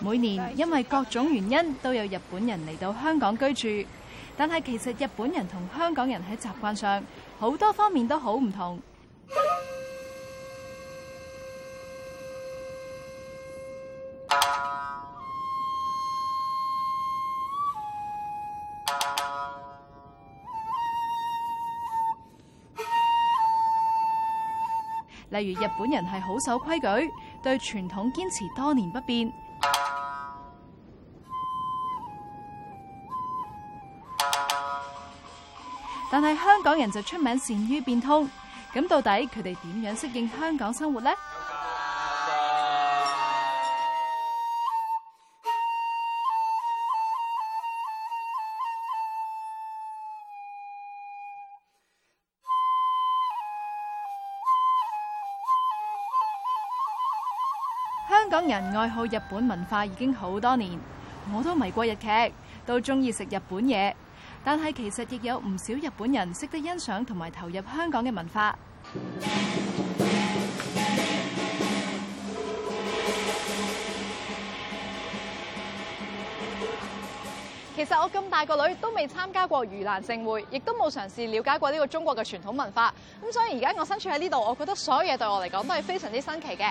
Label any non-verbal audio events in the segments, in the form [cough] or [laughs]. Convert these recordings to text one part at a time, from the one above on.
每年因為各種原因都有日本人嚟到香港居住，但係其實日本人同香港人喺習慣上好多方面都好唔同。例如日本人係好守規矩，對傳統堅持多年不變；但係香港人就出名善於變通。咁到底佢哋點樣適應香港生活呢？香港人愛好日本文化已經好多年，我都迷過日劇，都鍾意食日本嘢。但係其實亦有唔少日本人識得欣賞同埋投入香港嘅文化。其實我咁大個女都未參加過盂蘭勝會，亦都冇嘗試了解過呢個中國嘅傳統文化。咁所以而家我身處喺呢度，我覺得所有嘢對我嚟講都係非常之新奇嘅。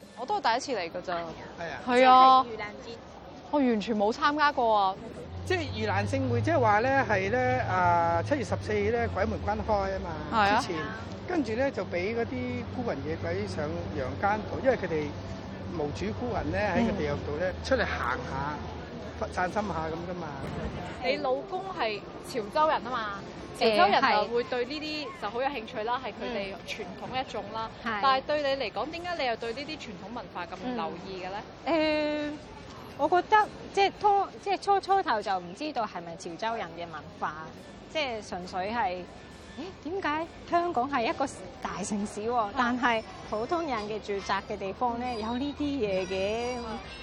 我都係第一次嚟噶咋，係啊，係啊，啊，盂蘭節我完全冇參加過啊！即係盂蘭勝會，即係話咧，係咧啊，七、啊啊呃、月十四咧，鬼門關開啊嘛，之前、啊、跟住咧就俾嗰啲孤魂野鬼上陽間度，因為佢哋無主孤魂咧喺個地獄度咧出嚟行下，嗯、散心一下咁噶嘛。你老公係潮州人啊嘛？潮州人就會對呢啲就好有興趣啦，係佢哋傳統一種啦。係嘅。但係對你嚟講，點解你又對呢啲傳統文化咁留意嘅咧？誒、嗯呃，我覺得即係初即係初初頭就唔知道係咪潮州人嘅文化，即係純粹係誒點解香港係一個大城市喎，但係普通人嘅住宅嘅地方咧有呢啲嘢嘅，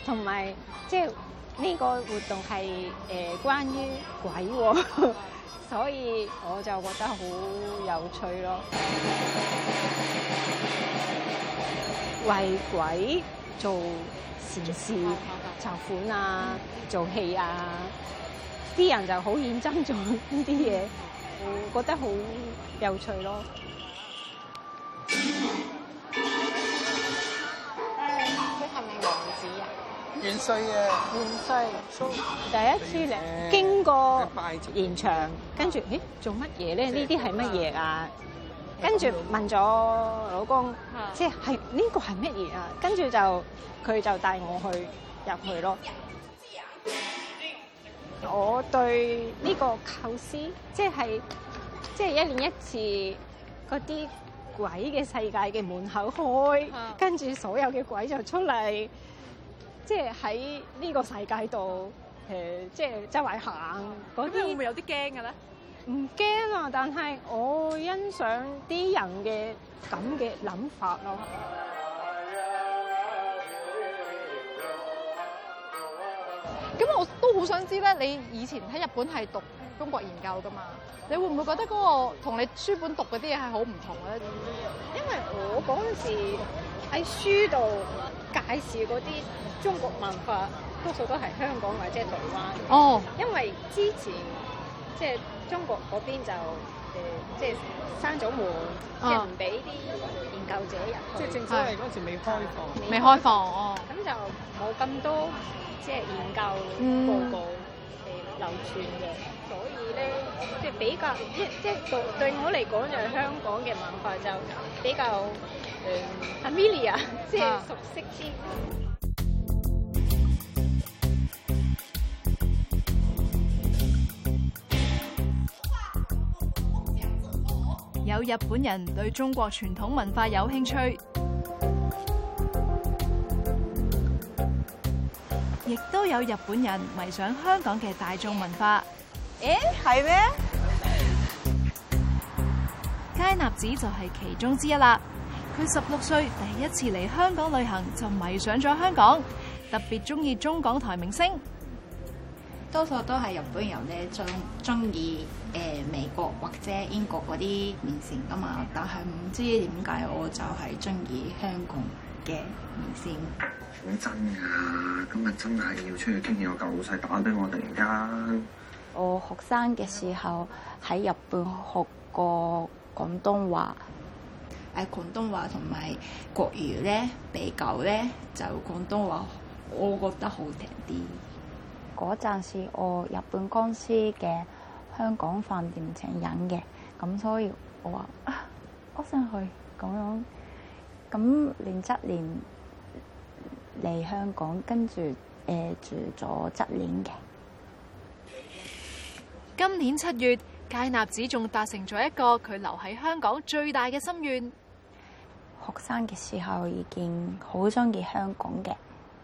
同埋即係呢、呢個活動係誒、呃、關於鬼喎。哦嗯。所以我就覺得好有趣咯，為鬼做善事籌款啊，做戲啊，啲人就好認真做呢啲嘢，我覺得好有趣咯。元帥嘅元帥，第一次嚟經過現場，跟住，咦、欸，做乜嘢咧？呢啲係乜嘢啊？嗯、跟住問咗老公，即係呢個係乜嘢啊？跟住就佢就帶我去入去咯。我對呢個構思，即係即係一年一次嗰啲鬼嘅世界嘅門口開，嗯、跟住所有嘅鬼就出嚟。即係喺呢個世界度誒，即係周圍行嗰啲會唔會有啲驚嘅咧？唔驚啊！但係我欣賞啲人嘅咁嘅諗法咯。咁 [music] 我都好想知咧，你以前喺日本係讀中國研究㗎嘛？你會唔會覺得嗰個同你書本讀嗰啲嘢係好唔同咧？ [music] 因為我嗰陣時喺書度。介紹嗰啲中國文化，多數都係香港或者台灣的。哦，oh. 因為之前即係、就是、中國嗰邊就誒，即係閂咗門，即係唔俾啲研究者入。即係、oh. 對正所謂嗰陣時未開，對開放。未開放哦。咁就冇咁多即係研究報告誒流傳嘅，mm. 所以咧即係比較一即係對對我嚟講就係香港嘅文化就比較 Amelia，即係熟悉啲。有日本人對中國傳統文化有興趣，亦都有日本人迷上香港嘅大眾文化是。咦、嗯，係咩、嗯？佳納子就係其中之一啦。佢十六歲第一次嚟香港旅行就迷上咗香港，特別中意中港台明星，多數都係日本人咧，中中意誒美國或者英國嗰啲明星噶嘛，但係唔知點解我就係中意香港嘅明星。好真噶，今日真係要出去傾嘢，有個老師我舊老細打俾我哋：「而家我學生嘅時候喺日本學過廣東話。誒廣東話同埋國語咧比較咧，就廣東話我覺得好聽啲。嗰陣時我日本公司嘅香港飯店請人嘅，咁所以我話、啊、我想去咁樣。咁連七年嚟香港，跟、呃、住誒住咗七年嘅。今年七月。佳納子仲達成咗一個佢留喺香港最大嘅心願。學生嘅時候已經好鍾意香港嘅，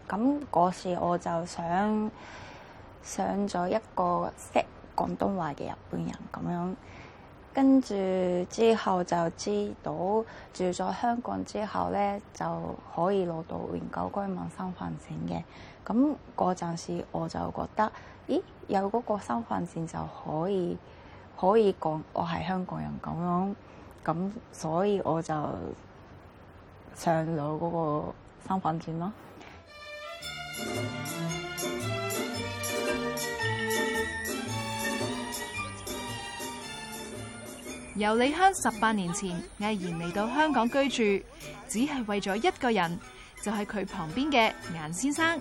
咁嗰時我就想上咗一個識廣東話嘅日本人咁樣。跟住之後就知道住咗香港之後咧，就可以攞到永久居民身份證嘅。咁嗰陣時我就覺得，咦，有嗰個身份證就可以。可以講我係香港人咁樣，咁所以我就上咗嗰個身份證咯。游麗香十八年前毅然嚟到香港居住，只係為咗一個人，就係、是、佢旁邊嘅顏先生。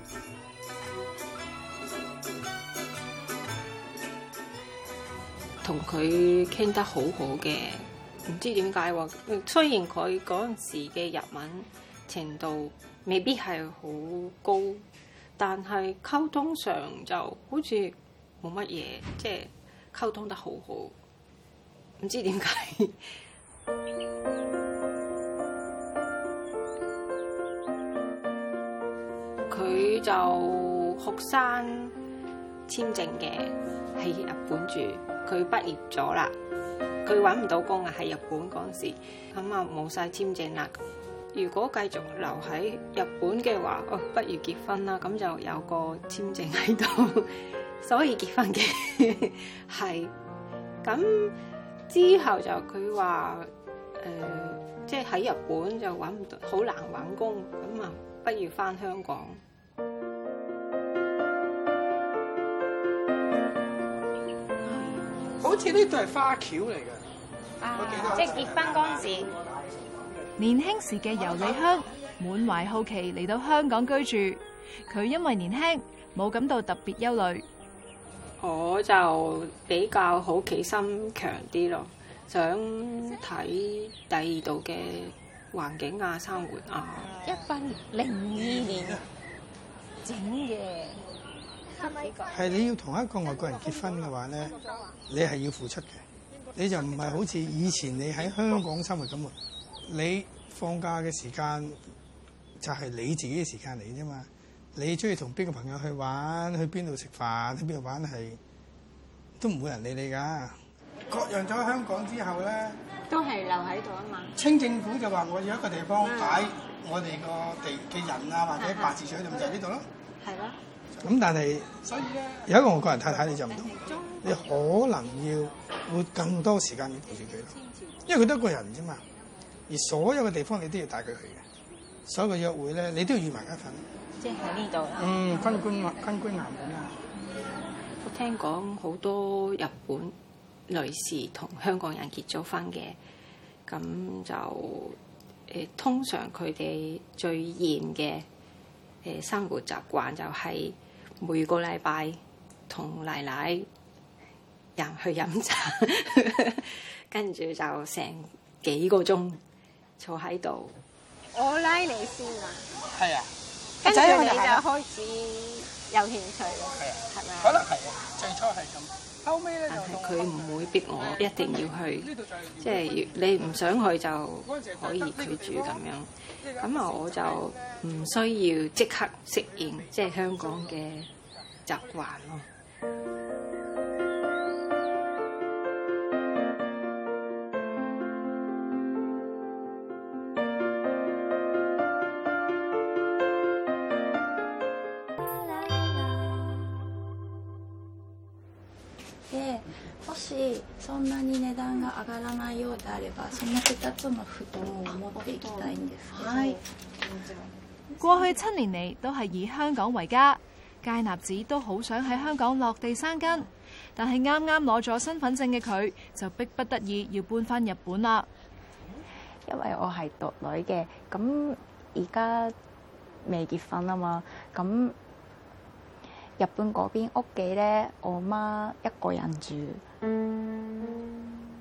同佢傾得好好嘅，唔知點解喎。雖然佢嗰陣時嘅日文程度未必係好高，但係溝通上就好似冇乜嘢，即係溝通得好好。唔知點解佢就學生簽證嘅，喺日本住。佢畢業咗啦，佢揾唔到工啊，喺日本嗰陣時，咁啊冇晒簽證啦。如果繼續留喺日本嘅話，哦，不如結婚啦，咁就有個簽證喺度，所以結婚嘅係，咁 [laughs] 之後就佢話，誒、呃，即係喺日本就揾唔到，好難揾工，咁啊，不如翻香港。好似呢度係花轎嚟嘅，即係結婚嗰陣時。年輕時嘅尤里克滿懷好奇嚟到香港居住，佢因為年輕冇感到特別憂慮。我就比較好奇心強啲咯，想睇第二度嘅環境啊，生活啊。一八零二年，整嘅。係你要同一個外國人結婚嘅話咧，你係要付出嘅，你就唔係好似以前你喺香港生活咁啊！你放假嘅時間就係你自己嘅時間嚟啫嘛，你中意同邊個朋友去玩，去邊度食飯，去邊度玩，係都唔會人理你噶。割讓咗香港之後咧，都係留喺度啊嘛。清政府就話我要一個地方擺我哋個地嘅人啊，或者白事場就咪就喺呢度咯，係咯。咁但係，有一個外國人太太你就唔同，你可能要會更多時間陪住佢，因為佢得一個人啫嘛。而所有嘅地方你都要帶佢去嘅，所有嘅約會咧你都要預埋一份，即係喺呢度。嗯，軍官、軍官男人啊，我聽講好多日本女士同香港人結咗婚嘅，咁就誒、呃、通常佢哋最嚴嘅誒生活習慣就係、是。每個禮拜同奶奶入去飲茶， [laughs] 跟住就成幾個鐘坐喺度。我先拉你先啊，係啊，跟住你就開始有興趣啦，係咪？可能係啊是吧是，最初係咁。但係佢唔會逼我一定要去，即係你唔想去就可以拒絕咁樣。咁啊，我就唔需要即刻適應即係香港嘅習慣咯。過去七年嚟都係以香港為家，佳納子都好想喺香港落地生根，但係啱啱攞咗身份證嘅佢就迫不得已要搬返日本啦。因為我係獨女嘅，咁而家未結婚啊嘛，咁日本嗰邊屋企咧，我媽一個人住。嗯嗯。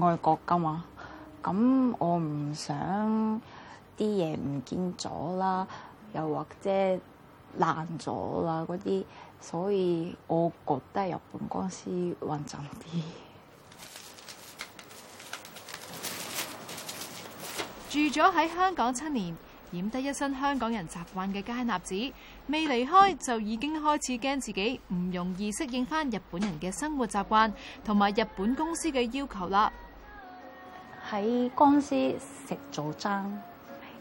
外國㗎嘛，咁我唔想啲嘢唔見咗啦，又或者爛咗啦嗰啲，所以我覺得日本公司穩陣啲。住咗喺香港七年，染得一身香港人習慣嘅佳納子，未離開就已經開始驚自己唔容易適應返日本人嘅生活習慣，同埋日本公司嘅要求啦。喺公司食早餐，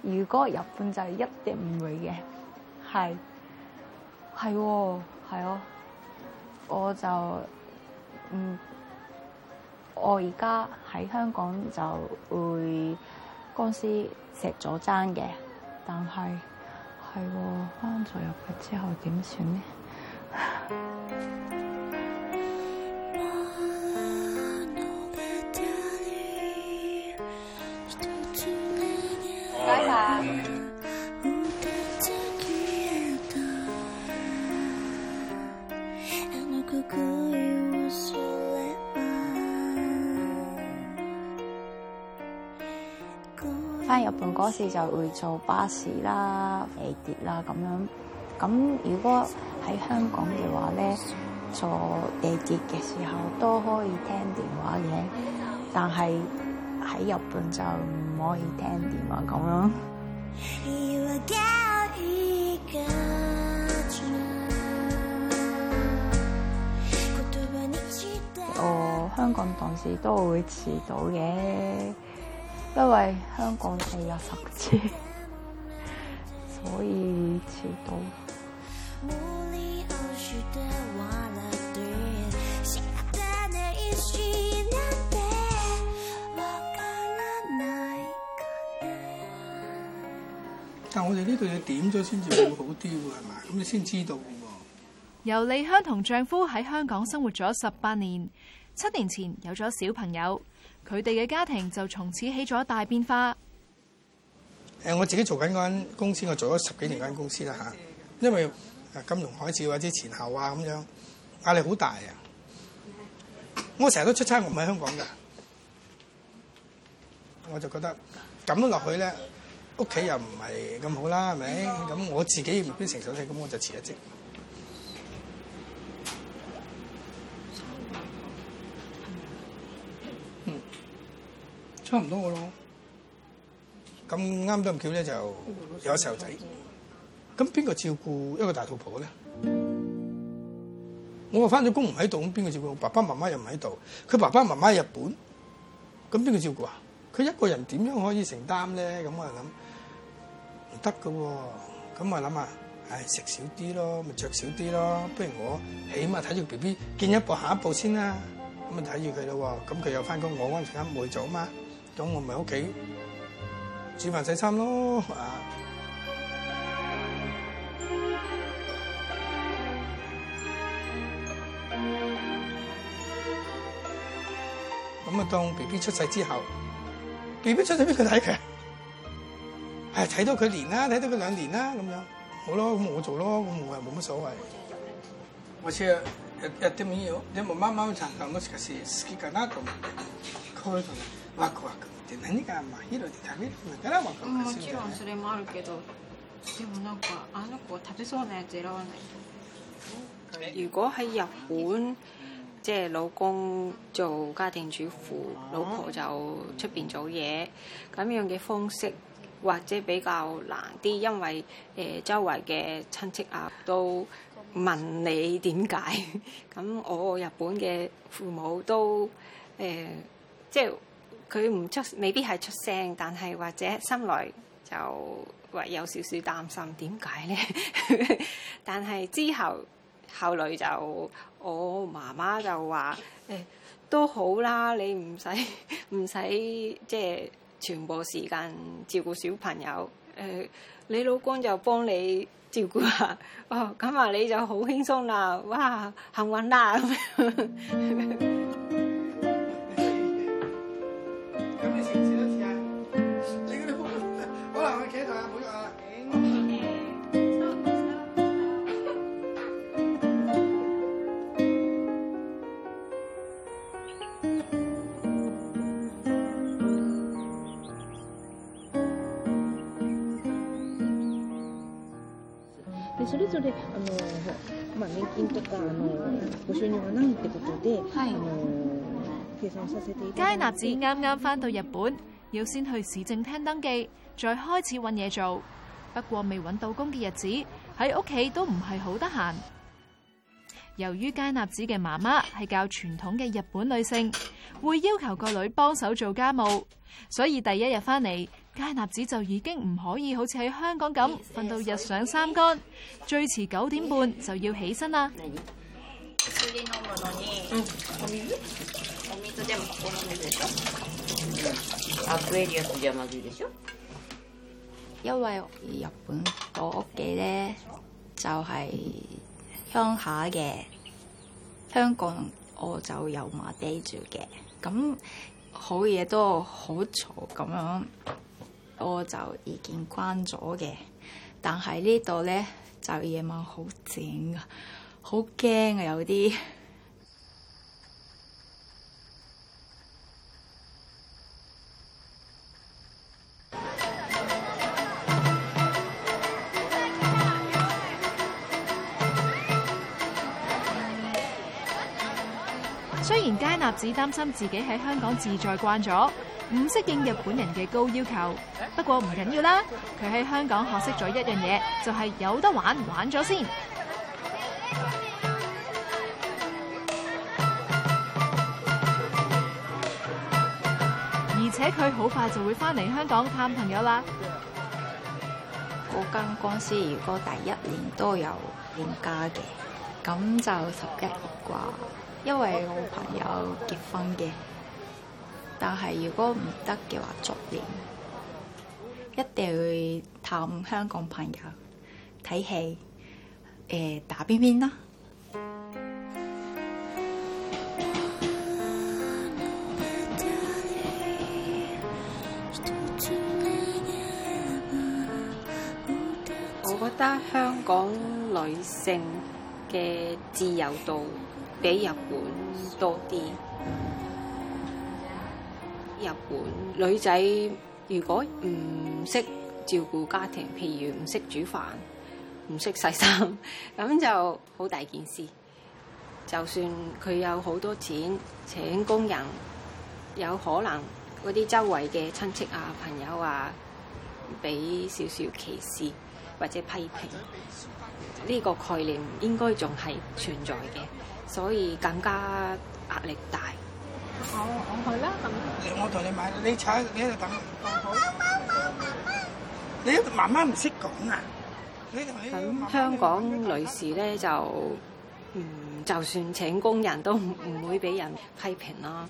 如果日本就一定唔會嘅，係是，係喎、啊，係哦、啊，我就，嗯，我而家喺香港就會公司食早餐嘅，但係，係喎、啊，翻咗入去之後點算呢？日本嗰時就會坐巴士啦、地鐵啦咁樣。咁如果喺香港嘅話咧，坐地鐵嘅時候都可以聽電話嘅，但係喺日本就唔可以聽電話咁樣。我、 [music] 哦、香港同事都會遲到嘅。因為香港係有十次，所以超多。但我哋呢度要點咗先至會好啲喎，係咪？咁 [coughs] 你先知道喎。由李香同丈夫喺香港生活咗十八年。七年前有咗小朋友，佢哋嘅家庭就從此起咗大變化。誒，我自己做緊嗰間公司，我做咗十幾年嗰間公司啦吓，因為金融海嘯或者前後啊咁樣，壓力好大啊。我成日都出差，我唔喺香港㗎，我就覺得咁落去咧，屋企又唔係咁好啦，係咪？咁我自己唔邊承受起，咁我就辭咗職。差唔多我咯，咁啱都咁巧咧，就有細路仔。咁邊個照顧一個大肚婆咧？我又翻咗工唔喺度，咁邊個照顧？我爸爸媽媽又唔喺度，佢爸爸媽媽喺日本，咁邊個照顧啊？佢一個人點樣可以承擔咧？咁我諗唔得噶，咁我諗啊，唉，食少啲咯，咪着少啲咯。不如我起碼睇住 B B，見一步下一步先啦。咁啊睇住佢咯，咁佢又翻工，我安全間唔會做啊嘛。媽媽咁我咪屋企煮飯洗衫咯啊！咁啊，當 BB 出世之後，BB 出世俾佢睇嘅？睇、哎、到佢年啦，睇到佢兩年啦咁樣，好咯，咁我做咯，咁我，我又冇乜所謂。 [music] 如果喺日本，即、就、係、是、老公做家庭主婦，老婆就出邊做嘢，咁樣嘅方式或者比較難啲，因為誒、呃、周圍嘅親戚啊都問你點解。咁 [laughs] 我，我日本嘅父母都誒、呃、即係。佢唔出，未必係出聲，但係或者心內就唯有少少擔心，點解咧？ [laughs] 但係之後後來就我媽媽就話：誒、哎、都好啦，你唔使唔使即係全部時間照顧小朋友。誒、哎、你老公就幫你照顧下。哦，咁啊你就好輕鬆啦。哇，幸運啦！ [laughs] 佳納子啱啱翻到日本，要先去市政廳登記，再開始揾嘢做。不過未揾到工嘅日子，喺屋企都唔係好得閒。由於佳納子嘅媽媽係較傳統嘅日本女性，會要求個女幫手做家務，所以第一日翻嚟，佳納子就已經唔可以好似喺香港咁瞓到日上三竿，最遲九點半就要起身啦。因為日本我屋企咧就係鄉下嘅香港，我就有麻爹住嘅，咁好嘢都吵好嘈咁樣。我就已經關咗嘅，但係呢度咧就夜晚好靜啊，好驚啊，有啲。雖然佳納子擔心自己喺香港自在慣咗。唔適應日本人嘅高要求，不過唔緊要啦。佢喺香港學識咗一樣嘢，就係、是、有得玩玩咗先。 [music] 而且佢好快就會翻嚟香港探朋友啦。嗰間公司如果第一年都有年假嘅，咁就十一啩。因為我朋友結婚嘅。但係如果唔得嘅話，逐年一定會探香港朋友睇戲、呃，打邊邊啦。我覺得香港女性嘅自由度比日本多啲。日本女仔如果唔識照顧家庭，譬如唔識煮飯、唔識洗衫，咁就好大件事。就算佢有好多錢請工人，有可能啲周圍嘅親戚啊、朋友啊，俾少少歧視或者批評，呢個概念應該仲係存在嘅，所以更加壓力大。好，我去啦。咁我同你買，你踩你喺度等。好，媽媽媽媽，你媽媽唔識講啊？咁香港女士咧就，嗯，就算請工人，都唔會俾人批評啦。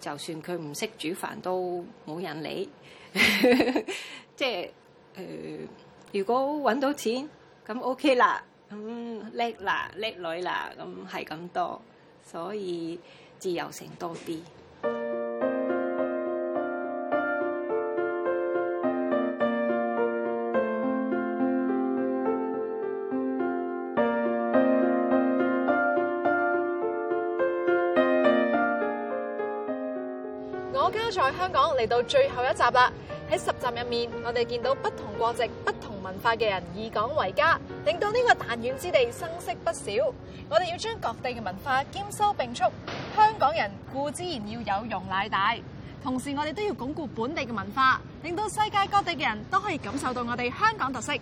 就算佢唔識煮飯，都冇人理。即係，誒，如果搵到錢，咁 OK 啦，咁叻啦，叻女啦，咁係咁多，所以。自由城多啲。我家在，在香港嚟，到最後一集啦。喺十集入面，我哋見到不同國籍、不同文化嘅人以港為家，令到呢個彈丸之地生色不少。我哋要將各地嘅文化兼收並蓄。香港人固之然要有容乃大，同時我哋都要鞏固本地嘅文化，令到世界各地嘅人都可以感受到我哋香港特色。